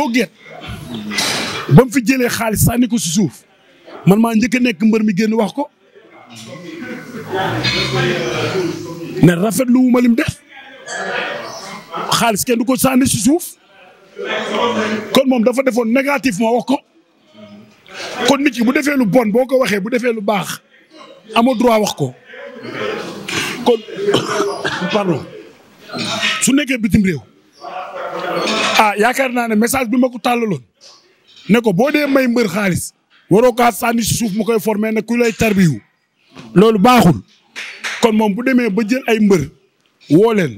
boo géet ba mu fi jëlee xaalis sànni ko si suuf man maa njëkk nekk mbër mi génn wax ko ne rafetlu wu ma lim xaalis kenn du ko sànni si suuf kon moom dafa defoon négatif ma wax ko kon nit ki bu defee lu bon boo ko waxee bu defee lu baax amoo droit wax ko kon pardon su nekkee bitim réew. ah yaakaar naa ne message bi ma ko tàllaloon ne ko boo dee may mbër xaalis waroo kaa sànni si suuf mu koy formé ne ku lay tarbiyu loolu baaxul kon moom bu demee ba jël ay mbër woo leen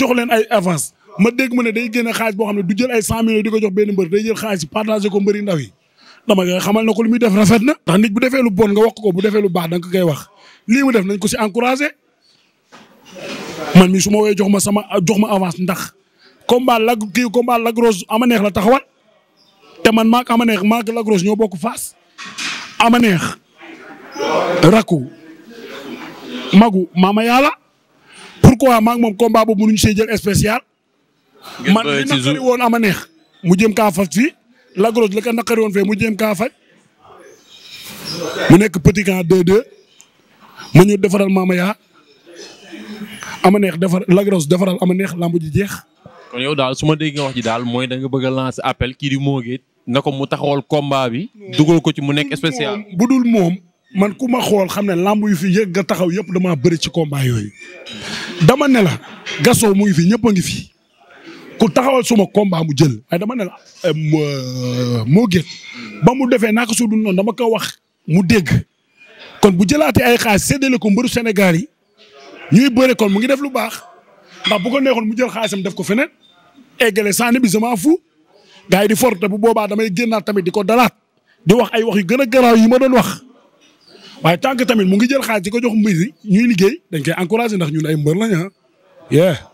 jox leen ay avance ma dégg mu ne day génne xaalis boo xam ne du jël ay cent di ko jox benn mbër day jël xaalis partagé ko mbëri ndaw yi dama nga xamal na ko lu muy def rafet na. ndax nit bu defee lu bon nga wax ko bu defee lu baax da nga koy wax lii mu def nañ ko si encouragé man mi su ma jox ma sama jox ma avance ndax. combat lag kii combat Lac ama neex la taxawal te man maak ama neex maak lagros Rose ñoo bokk fas ama neex rakku magu maama yàlla pourquoi maak moom combat boobu mënuñ see jël spécial. man li naqari woon ama neex mu jëm kaa faj fii Lac Rose li ko naqari woon fee mu jëm kaa faj mu nekk petit camp 2 ma ñu defaral maama yaa ama neex defar lagros Rose defaral ama neex la ji jeex. kon yow daal su ma dégg nga wax ji daal mooy danga nga bëgg a lancer appel kii di Mo na ko mu taxawal combat bi. dugal ko ci mu nekk spécial. bu dul moom man ku ma xool xam ne làmb yu fi yëg ga taxaw yëpp damaa bëri ci combat yooyu. dama ne la gasoo mu ngi fi ñëpp ngi fi ku taxawal suma combat mu jël ay dama ne la. Euh, ba mu defee naa ko su dul noonu dama ko wax mu dégg kon bu jëlaate ay xaalis séddale ko mbëru Sénégal yi ñuy bëri kon mu ngi def lu baax ndax bu ko neexoon mu jël xaalisam def ko feneen. eggale saani bi sama fu gars yi di forte bu boobaa damay génnaat tamit di ko dalaat di wax ay wax yu gën a garaaw yi ma doon wax waaye tant tamit mu ngi jël xaalis di ko jox mbir ñuy liggéey dañ koy encouragé ndax ñun ay mbër lañ ah.